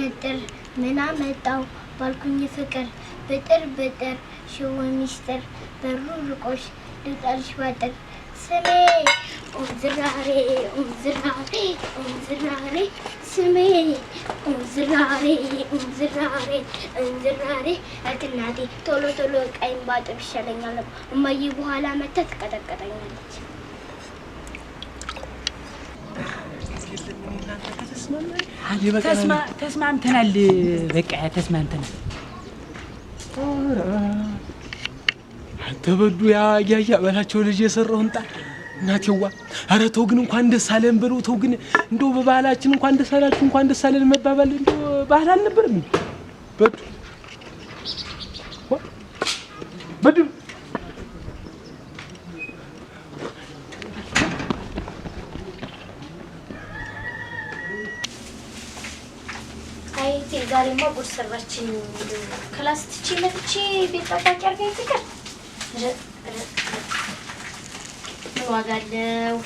ጥርጥር ምን አመጣው ባልኩኝ ፍቅር ብጥር ብጥር ሽው ሚስጥር በሩ ርቆሽ ልጣልሽ ባጥር ስሜ ኦምዝራሬ ኦምዝራሬ ኦምዝራሬ ስሜ ኦምዝራሬ ኦምዝራሬ ኦምዝራሬ እናቴ ቶሎ ቶሎ ቀይም ባጥብ ይሻለኛል። እማዬ በኋላ መታ ትቀጠቀጠኛለች። ተስማምተናል። በቃ ተስማምተናል። አንተ በዱ ያ ያያ በላቸው ልጅ እናቴዋ። ኧረ ተው ግን እንኳን ደስ አለን በለው። ተው ግን እንደው በባህላችን እንኳን ደስ አላችሁ እንኳን ደስ አለን መባባል እንደው ባህል አልነበረም በዱ በዱ እቴ ዛሬማ ጉድ ሰራችን። ክላስ ትቼ መጥቼ ቤት ጠባቂ አድርገኝ ፍቅር ምን ዋጋ አለው?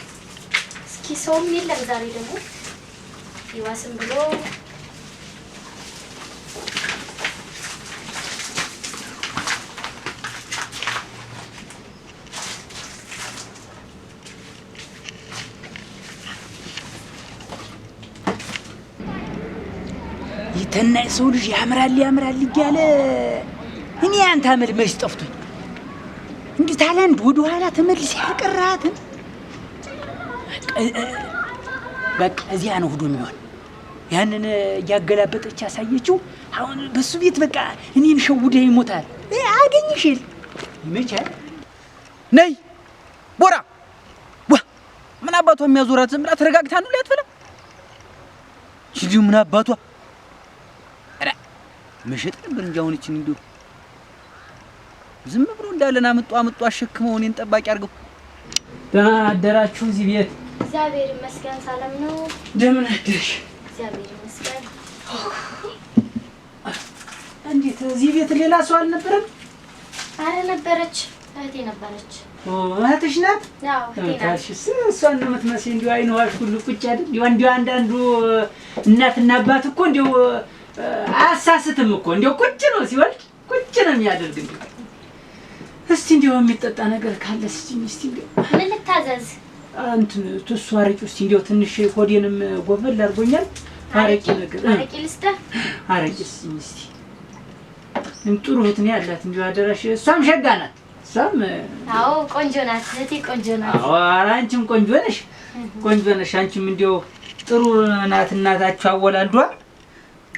እስኪ ሰውም የለም ዛሬ ደግሞ ይዋስም ብሎ ተና የሰው ልጅ ያምራል ያምራል እያለ እኔ አንተ አመል መች ጠፍቶኝ እንዲህ ታላንድ ወደ ኋላ ተመልስ ያቀራትን በቃ እዚያ ነው ሁዱ የሚሆን ያንን እያገላበጠች ያሳየችው። አሁን በሱ ቤት በቃ እኔን ሸውደ ይሞታል። አገኝሽ የለ ይመቻል። ነይ ቦራ ዋ ምን አባቷ የሚያዞራት ዝም ብላ ተረጋግታ ነው ሊያትፈላ ምን አባቷ መሸጥ ነበር እንጂ አሁን እችን እንዲሁ ዝም ብሎ እንዳለን አምጡ አምጡ አሸክመው እኔን ጠባቂ አድርገው። ደህና አደራችሁ እዚህ ቤት? እግዚአብሔር ይመስገን ሰላም ነው። እንደምን አደርሽ? እግዚአብሔር ይመስገን። እንዴት እዚህ ቤት ሌላ ሰው አልነበረም? አረ ነበረች፣ እህቴ ነበረች። እህትሽ ናት? ታልሽስ እሷን ነው የምትመስይ። እንዲሁ አይነዋሽ ሁሉ ቁጭ አይደል? እንዲሁ አንዳንዱ እናትና አባት እኮ እንዲሁ አያሳስትም እኮ እንዲያው ቁጭ ነው ሲወልድ ቁጭ ነው የሚያደርግ። እንዲ እስቲ እንዲያው የሚጠጣ ነገር ካለ እስቲ እስቲ። እንዲያው ምን ልታዘዝ? እንትን ትሱ አረቂ እስቲ እንዲያው ትንሽ ሆዴንም ጎበል አድርጎኛል። አረቂ ነገር አረቂ ልስጥህ? አረቂ እስቲ እስቲ። እንጥሩ እህት ነው ያላት እንዲያው አደራሽ። እሷም ሸጋ ናት። እሷም አዎ ቆንጆ ናት። እህቴ ቆንጆ ናት። አዎ ኧረ አንቺም ቆንጆ ነሽ፣ ቆንጆ ነሽ። አንቺም እንዲያው ጥሩ ናት እናታችሁ አወላልዷ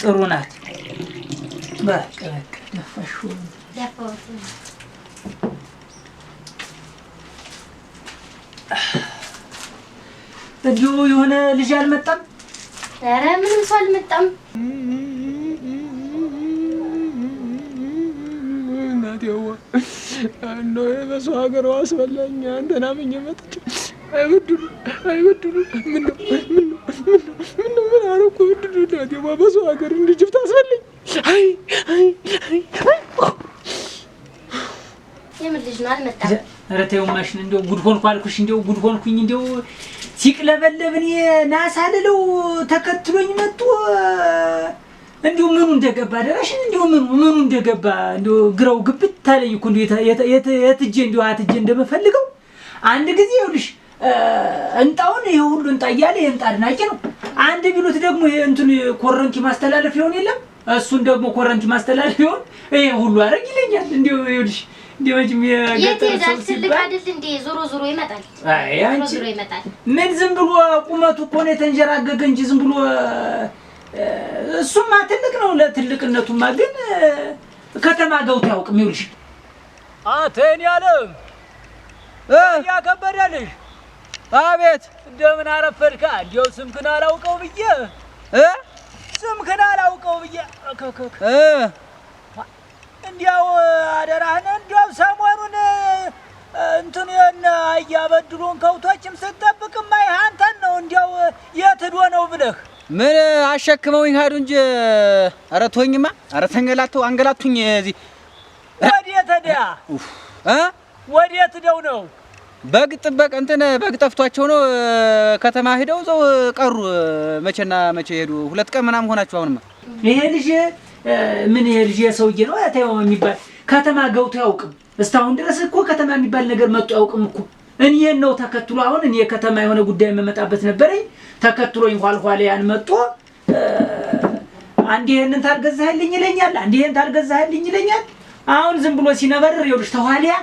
ጥሩ ናት። በቃ በቃ ደፋሹ እንዲሁ የሆነ ልጅ አልመጣም። ኧረ ምንም ሰው አልመጣም። እናቴዋ ሀገር የበሰው ሀገሯ አስበላኝ። አንተን አምኜ መጥቼ አይበድሉ አይበድሉ ምነው ምነው ምነው እናቴማ በሰው ሀገር እንድጅብ ታስፈልኝ። አይ አይ አይ የምን ልጅ ነው አልመጣም። ኧረ ተይው ማሽን፣ እንደው ጉድ ሆንኩ አልኩሽ፣ እንደው ጉድ ሆንኩኝ። እንደው ሲቅለበለብ እኔ ናሳ ልለው ተከትሎኝ መጥቶ እንዲሁ ምኑ እንደገባ ደራሽን እንዲሁ ምኑ ምኑ እንደገባ እንዲሁ ግራው ግብት አለኝ እኮ እንዲሁ የትጄ እንዲሁ አትጄ እንደምፈልገው አንድ ጊዜ ይኸውልሽ እንጣውን ይሄ ሁሉ እንጣ እያለ የእንጣ አድናቂ ነው አንድ ቢሉት ደግሞ እንትን ኮረንቲ ማስተላለፍ ይሆን የለም እሱን ደግሞ ኮረንቲ ማስተላለፍ ይሆን ይሄ ሁሉ አረግ ይለኛል። እንዲሁ ይኸውልሽ እንዲሁ መቼም የገጠር ሰው ሲባል ምን ዝም ብሎ ቁመቱ እኮ ነው የተንጀራገገ እንጂ ዝም ብሎ እሱማ ትልቅ ነው። ለትልቅነቱማ ግን ከተማ ገውት ያውቅም። ይኸውልሽ አንተ እኔ አለም እያከበደልሽ አቤት እንደምን አረፈድካ? እንዲያው ስምክን አላውቀው ብዬ እ ስምክን አላውቀው ብዬ እ እንዲያው አደራህን እንዲያው ሰሞኑን እንትን የነ አያበድሩን ከውቶችም ስጠብቅ ማይ አንተን ነው። እንዲያው የት ሄዶ ነው ብለህ ምን አሸክመውኝ ሄዱ እንጂ ኧረ ተወኝማ። ኧረ ተንገላቱ አንገላቱኝ። እዚህ ወዴት ሄዳ እ ወዴት ሄደው ነው በግ ጥበቅ እንትን በግ ጠፍቷቸው ነው ከተማ ሄደው ዘው ቀሩ። መቼና መቼ ሄዱ? ሁለት ቀን ምናምን ሆናችሁ። አሁንማ ይሄ ልጅ ምን ይሄ ልጅ ሰውዬ ነው አታየው የሚባል ከተማ ገብቶ አያውቅም። እስካሁን ድረስ እኮ ከተማ የሚባል ነገር መጥቶ ያውቅም እኮ። እኔን ነው ተከትሎ። አሁን እኔ ከተማ የሆነ ጉዳይ የምመጣበት ነበረኝ። ተከትሎኝ ኋልኋላ ያን መጥቶ አንድ ይሄንን ታርገዛህልኝ ይለኛል፣ አንድ ይሄን ታርገዛህልኝ ይለኛል። አሁን ዝም ብሎ ሲነበርር ይኸውልሽ ተኋሊያ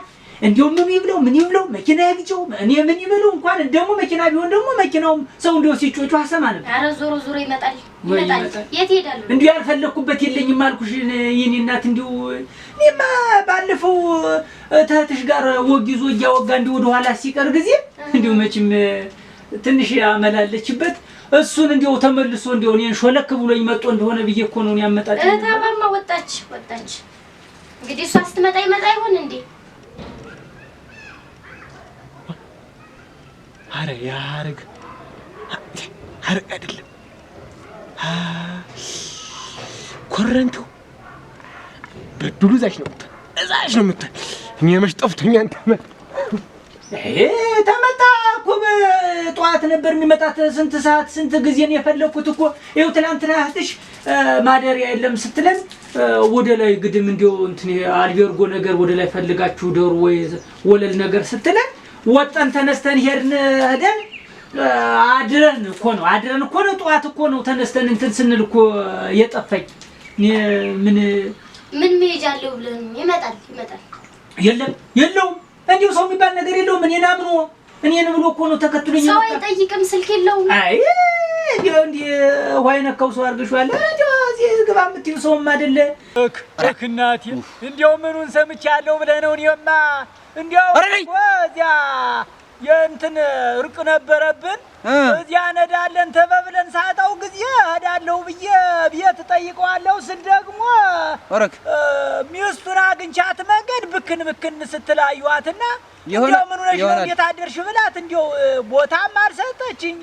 እንዲሁም ምኑ ይብለው ምን ይብለው መኪና ያግጨው እኔ ምን ይበለው እንኳን ደግሞ መኪና ቢሆን ደግሞ መኪናውም ሰው እንደው ሲጮቹ አሰማ ነበር። ኧረ ዞሮ ዞሮ ይመጣል ይመጣል። የት ይሄዳል? እንዲሁ ያልፈለግኩበት የለኝም አልኩሽ ይህን እናት። እንዲሁ እኔማ ባለፈው ተህትሽ ጋር ወግ ይዞ እያወጋ እንዲሁ ወደኋላ ሲቀር ጊዜ እንዲሁ መቼም ትንሽ ያመላለችበት እሱን እንዲያው ተመልሶ እንዲያው እኔን ሾለክ ብሎኝ መጥቶ እንደሆነ ብዬ እኮ ነው ያመጣች። ታማማ ወጣች ወጣች። እንግዲህ እሷ ስትመጣ ይመጣ ይሆን እንዴ? አረ የሀረግ ሀረግ አይደለም ኮረንቱ በዱሉ እዛች ነው ምታል፣ እዛች ነው ምታል። እኔ መች ጠፍቶኛ ተመታ ተመጣ እኮ በጠዋት ነበር የሚመጣት። ስንት ሰዓት ስንት ጊዜን የፈለግኩት እኮ ይኸው ትናንትና እህትሽ ማደሪያ የለም ስትለን ወደ ላይ ግድም እንዲያው እንትን አልቤርጎ ነገር ወደ ላይ ፈልጋችሁ ደሩ ወይ ወለል ነገር ስትለን ወጠን ተነስተን ሄድን ሄደን አድረን እኮ ነው አድረን እኮ ነው ጠዋት እኮ ነው ተነስተን እንትን ስንል እኮ የጠፋኝ። ምን ምን መሄጃ አለው ብለህ ይመጣል ይመጣል። የለም የለውም። እንዲሁ ሰው የሚባል ነገር የለውም። እኔን አምኖ እኔን ብሎ እኮ ነው ተከትሎኝ። ሰው አይጠይቅም፣ ስልክ የለውም። አይ ውሃ የነካው ሰው አድርገሽዋል። ግባ የምትይው ሰውም አይደለ እናቴ። እንዲያው ምኑን ሰምቻለሁ ብለህ ነው? እኔማ እንዲያው እዚያ የእንትን እርቅ ነበረብን እዚያ ነዳለን ተበብለን ሳጣው ጊዜ እሄዳለሁ ብዬ ቤት እጠይቀዋለሁ ስል ደግሞ ሚስቱን አግኝቻት መንገድ ብክን ብክን ስትላዩዋትና እንዲያው ምኑ ነሽ ነው ቤት አደርሽ ብላት እንዲያው ቦታም አልሰጠችኝ።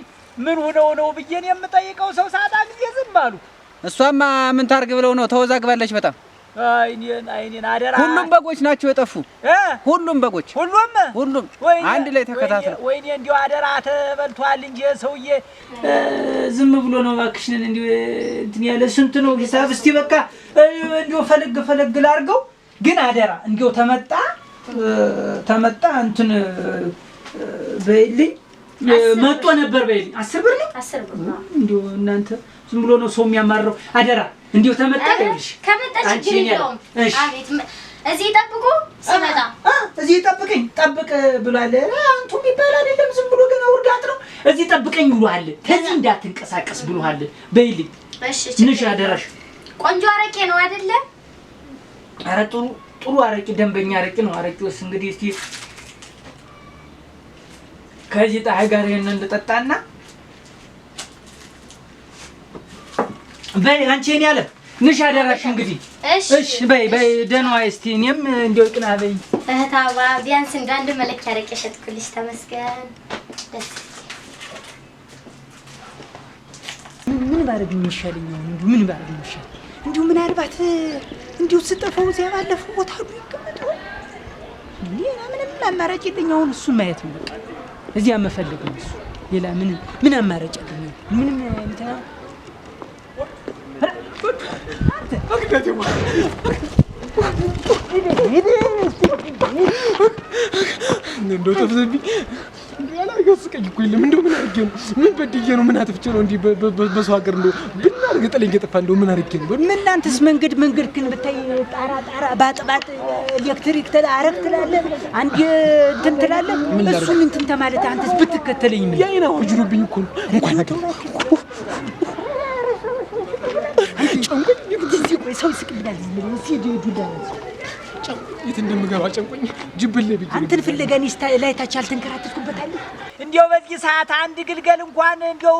ምን ሆነው ነው ብዬን የምጠይቀው ሰው ሳጣ ጊዜ ዝም አሉ። እሷማ ምን ታርግ ብለው ነው ተወዛግባለች በጣም አይኔን አይኔን አደራ። ሁሉም በጎች ናቸው የጠፉ። ሁሉም በጎች ሁሉም ሁሉም አንድ ላይ ተከታትለው። ወይኔ እንዲሁ አደራ ተበልቷል እንጂ ሰውዬ ዝም ብሎ ነው እባክሽን። እንዲሁ እንትን ያለ ስንት ነው ሂሳብ? እስቲ በቃ እንዲሁ ፈለግ ፈለግ ላርገው። ግን አደራ እንዲሁ ተመጣ ተመጣ እንትን በይልኝ መጦ ነበር በይልኝ። አስር ብር ነው አስር ብር ነው። እንዲሁ እናንተ ዝም ብሎ ነው ሰው የሚያማረው። አደራ እንዲሁ ተመጣ ይልሽ ከመጣ ችግር የለውም። አቤት እዚህ ጠብቁ፣ ሲመጣ እዚህ ጠብቀኝ ጠብቅ ብሏል። አንቱ የሚባል አይደለም ዝም ብሎ ገና ውርጋት ነው። እዚህ ጠብቀኝ ብሏል። ከዚህ እንዳትንቀሳቀስ ብሏል። በይልኝ ንሽ አደራሽ። ቆንጆ አረቄ ነው አይደለም? ኧረ ጥሩ ጥሩ አረቄ፣ ደንበኛ አረቄ ነው። አረቄ ውስጥ እንግዲህ እስኪ ከዚህ ጣይ ጋር ይሄን እንድጠጣና በይ አንቺ እኔ አለ ንሽ አደራሽ እንግዲህ እሺ በይ በይ ደህና እስቲ እኔም እንደው ቅና በይ እህታዋ ቢያንስ እንደ አንድ መለኪያ ረቄ ሸጥኩልሽ ተመስገን ምን ባረግ ነው ምን ባረግ የሚሻል እንዲሁ ምናልባት እንዲሁ ስጠፋው እዚያ ባለፈው ቦታ ሁሉ ይቀመጣል ሌላ ምንም አማራጭ የለኝም አሁን እሱን ማየት ነው በቃ እዚያ መፈለግ ነው እሱ። ሌላ ምን ምን አማራጭ ያገኛል? ምንም እንትና እንደው ነገር ስቀይ እንደው ምን አድርጌ ነው? ምን በድዬ ነው? ምን አጥፍቼ ነው? እንዲህ በሰው ሀገር እንደው ብናርግ ጥለኝ የጠፋ እንደው ምን አድርጌ ነው? ምን አንተስ መንገድ መንገድ ግን ብታይ ጣራ ጣራ ባጥባጥ ኤሌክትሪክ ትላ አረግ ትላለህ፣ አንድ እንትን ትላለህ። እሱን እንትን ተማለት አንተስ ብትከተለኝ ምን ያይና ወጅሩብኝ እኮ ነው እንኳን አገር ጨንቆኝ ሰው ይስቅብናል ሲ ዱላ የት እንደምገባ ጨንቆኝ ጅብል ብዬ አንተን ፍለገን ላይ ታች አልተንከራተትኩበታለሁ። እንዲያው በዚህ ሰዓት አንድ ግልገል እንኳን እንዲያው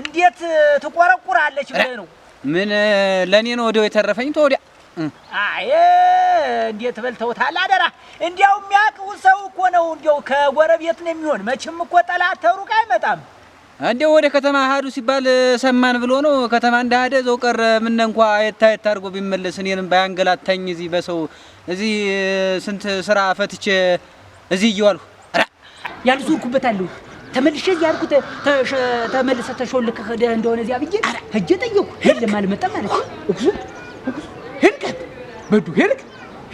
እንዴት ትቆረቁራለች ብለህ ነው? ምን ለእኔ ነው ወዲያው የተረፈኝ ተወዲያ። አይ እንዴት በልተውታል አደራ። እንዲያው የሚያውቀው ሰው እኮ ነው። እንዲያው ከጎረቤት ነው የሚሆን መቼም እኮ ጠላት ተሩቅ አይመጣም። እንዴው ወደ ከተማ ሀዱ ሲባል ሰማን ብሎ ነው። ከተማ እንዳሄደ ዘው ቀረ። ምን እንኳ የታ የታ አድርጎ ቢመለስ እኔንም ባያንገላታኝ እዚህ በሰው እዚህ ስንት ስራ ፈትቼ እዚህ እየዋልሁ ያልዞርኩበታለሁ። ተመልሼ እዚህ አልኩት። ተመልሰ ተሾልከ ሄደህ እንደሆነ እዚያ ብዬ ሂጅ ጠየኩ። የለም አልመጣም ማለት ነው። እግዙ ሄድክ በዱ ሄድክ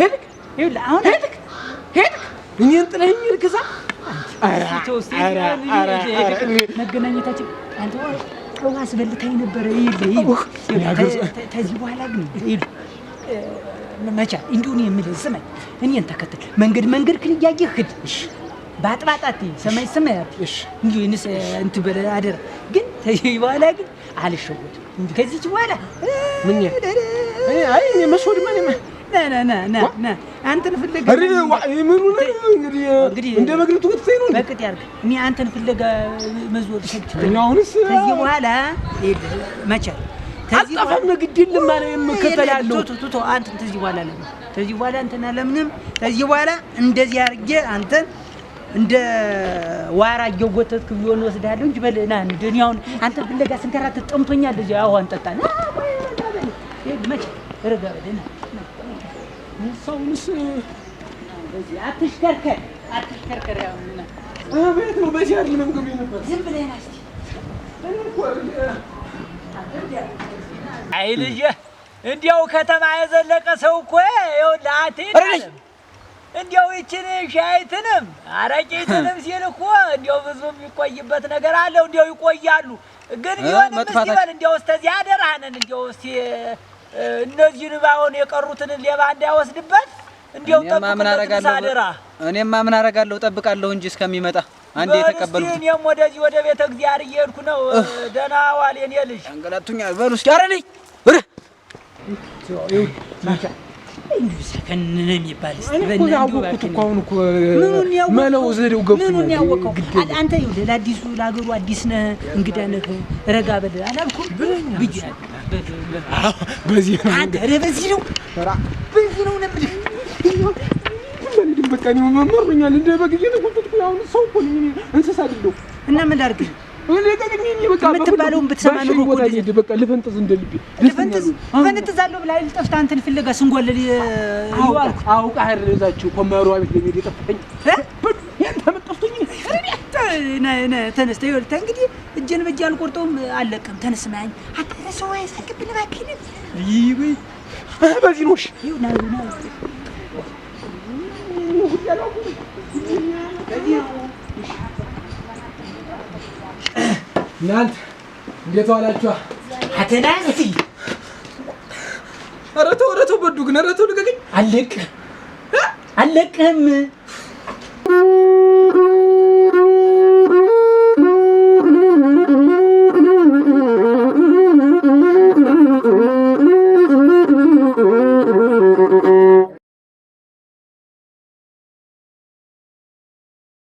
ሄድክ ይኸውልህ አሁን ሄድክ ሄድክ እኔን ጥለኸኝ ልክሳ መገናኘታችን አንተ ጠዋ አስበልታኝ ነበረ። ተዚህ በኋላ ግን መቻ እንዲሁ የምልህ ስማኝ፣ እኔን ተከተል። መንገድ መንገድ ክን እያየህ ሂድ በአጥባጣት ሰማይ ሰማያት እንዲሁ ንስ በለ አደራ። ግን ተዚህ በኋላ ግን አልሸወድም። ከዚች በኋላ ምን አይ መስወድማ አንተን ፍለጋ እንደ መግለቱ ክትሰይ ነው በቅጥ ያርግ። እኔ አንተን ፍለጋ መዞር ሰብት ከዚህ በኋላ መቻል አጣፋም ግድ የለም ማለት የምከተላለሁ። አንተን ከዚህ በኋላ ለምን ከዚህ በኋላ አንተን አለምንም ከዚህ በኋላ እንደዚህ አድርጌ አንተን እንደ ዋራ እየጎተትክ ቢሆን ወስዳለሁ እንጂ በል ና እንደኔ አሁን አንተን ፍለጋ ስንከራተት ጠምቶኛል። እንደዚህ አሁን ጠጣ ና መቻል ረጋ በል ና ሳውንስ አትሽከርከር አትሽከርከር። ያው ቤት ነው በዚህ አይደለም ገቢ ነበር። ዝም ብለህ ናስቲ አይ ልጄ፣ እንዲያው ከተማ የዘለቀ ሰው እኮ ይኸውልህ አትሄድ እንዲያው ይችን ሻይትንም አረቂትንም ሲል እኮ እንዲያው ብዙ የሚቆይበት ነገር አለው። እንዲያው ይቆያሉ ግን ቢሆንም እስኪ በል እንዲያው እስከዚያ አደራህንን እንዲያው እስኪ እነዚህን ባሆን የቀሩትን ሌባ እንዳይወስድበት እንዲያው ጠብቅለት አደራ። እኔማ ምን አደርጋለሁ እንጂ እስከሚመጣ አንዴ የተቀበሉት እኔም ወደዚህ ወደ ቤተ እግዚአብሔር እየሄድኩ ነው። ደህና ዋል የኔ ልጅ። አንገላቱኛ በሉ እስኪ አረልኝ ሰከን አንተ ለአዲሱ አዲስ ነህ፣ እንግዳ ነህ፣ ረጋ በል አላልኩም በዚህ ነው በዚህ ነው በዚህ ነው ነበር በቃ ነው መመሩኛል። እንደ በግ እየተጎተትኩ አሁን ሰው እኮ ነኝ እንስሳ አይደለሁም። እና ምን ላድርግ የምትባለውን ብትሰማ ኑሮ በቃ ልፈንጥዝ እንደ ልፈንጥዝ እፈንጥዛለሁ ብላ ልጠፍታ እንትን ፍለጋ ስንጎለል አልኩት። አውቃ አይደል እኮ መሯ ቤት ለሚሄድ የጠፋኝ ተነስተ ይኸውልህ፣ እንግዲህ እጄን በእጄ አልቆርጠውም አለቅም። ተነስ ማያኝ ሰው አይሳቅብን እባክህን። በዚህ ነው እናንተ እንዴት ዋላችኋ? አተናንሲ ኧረ ተው ኧረ ተው በዱ ግን ኧረ ተው ልቀቅኝ። አለቅህ አለቅህም